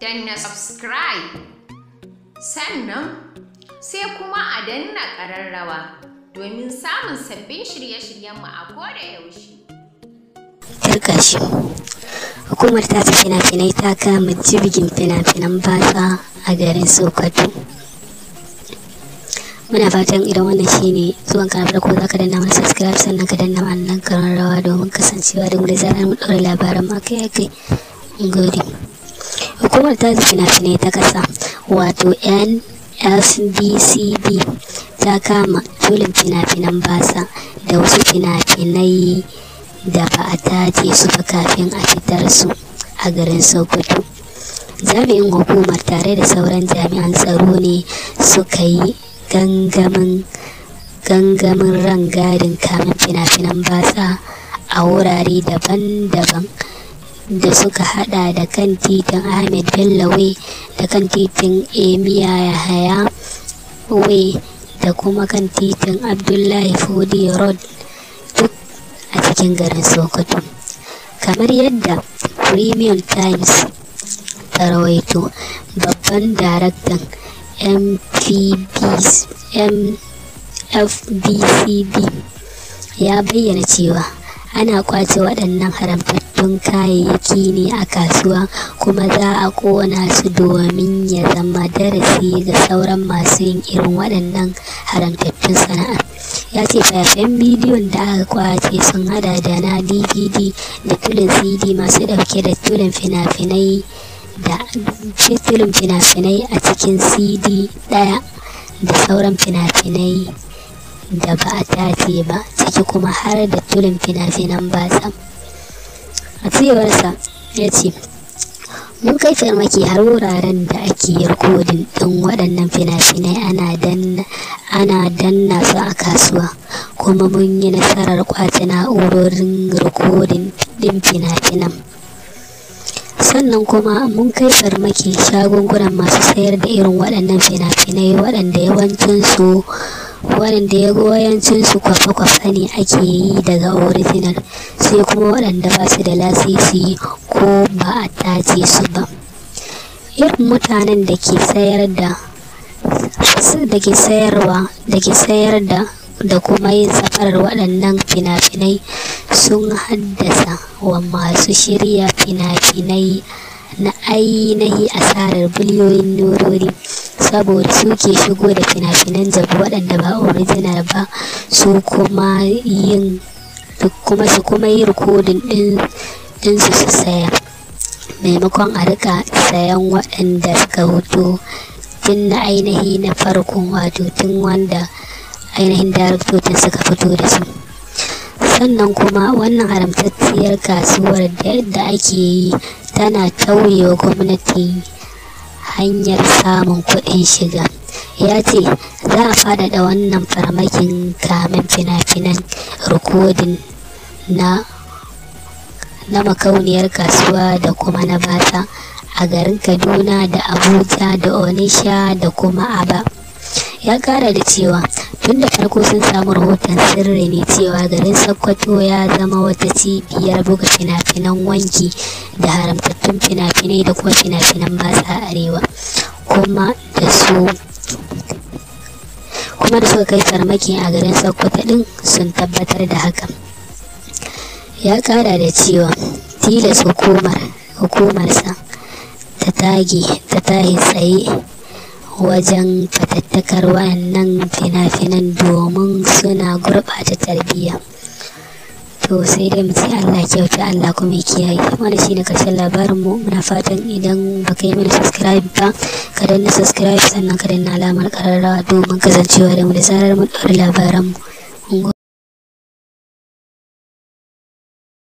danna subscribe sannan sai kuma a danna ƙararrawa domin samun sabbin shirye-shiryenmu a koda yaushe. Karkashi, shi Hukumar ta ta fina-finai ta kama jibgin fina-finan basa a garin Sokoto. Muna fatan idan wannan shine zuwan ka na farko zaka danna mana subscribe sannan ka danna mana nan rawa domin kasancewa da mu da zarar mu ɗora labaran ma kai kai. hukumar ta fina-finai ta kasa wato nfdcb ta kama tulin fina-finan basa da wasu fina-finai da ba a tace su ba kafin a fitar su a garin sokoto jami'in hukumar tare da sauran jami'an tsaro ne suka yi gangamin gangamin rangadin kamun fina-finan basa a wurare daban-daban da suka hada da kan titin ahmed bello way da kan titin emiya yahaya way da kuma kan titin abdullahi fodi road duk a cikin garin sokoto kamar yadda premium times ta rawaito babban daraktan mfbcb ya bayyana cewa ana kwace waɗannan haramtattun kayayyaki ne a kasuwa kuma za a kona su domin ya zama darasi ga sauran masu yin irin waɗannan haramtattun sana'a ya ce fayafayen bidiyon da aka kwace sun hada da na dvd da tulin cd masu ɗauke da tulin fina-finai da tulin fina-finai a cikin cd ɗaya da sauran fina-finai da ba a tace ba ciki kuma har da tulin fina-finan batsa a cewarsa ya ce mun kai farmaki har wuraren da ake rikodin ɗin waɗannan fina-finai ana danna su a kasuwa kuma mun yi nasarar kwace na'urorin rikodin ɗin fina-finan sannan kuma mun kai farmaki shagungunan masu sayar da irin waɗannan fina-finai waɗanda yawancin su waɗanda ya yancin su kwafe kwafa ne ake yi daga original sai kuma waɗanda ba su da lasisi ko ba a tace su ba irin mutanen da ke sayar da da sayarwa da ke sayar da da kuma yin safarar waɗannan fina-finai sun haddasa wa masu shirya fina-finai na ainihi asarar biliyoyin norori saboda suke shigo da fina-finan jabu waɗanda ba original ba su kuma yin kuma su kuma yi rikodin ɗin su su saya maimakon a rika sayan waɗanda suka hoto tun na ainihi na farkon wato tun wanda ainihin daraktocin suka fito da su sannan kuma wannan haramtacciyar kasuwar da ake yi tana tauye gwamnati hanyar samun kuɗin shiga ya ce za a faɗaɗa wannan farmakin kamin fina-finan rikodin na na makauniyar kasuwa da kuma na bata a garin kaduna da abuja da onisha da kuma aba ya kara da cewa tun da farko sun samu rahoton sirri ne cewa garin sokoto ya zama wata cibiyar buga fina wanki da haramtattun fina-finai da kuma fina-finan arewa kuma da su kuma da suka kai farmaki a garin sokoto din sun tabbatar da hakan ya kara da cewa tilas hukumar hukumarsa ta tage ta tahi tsaye wajen fatattakar wannan fina-finan domin suna gurɓata tarbiyya to sai dai mu ce Allah kyauta Allah kuma kiyaye wanda shine karshen labarin mu muna fatan idan baka yi mana subscribe ba ka danna subscribe sannan ka danna alamar kararrawa domin kasancewa da mu da zarar mu ɗora labaran mu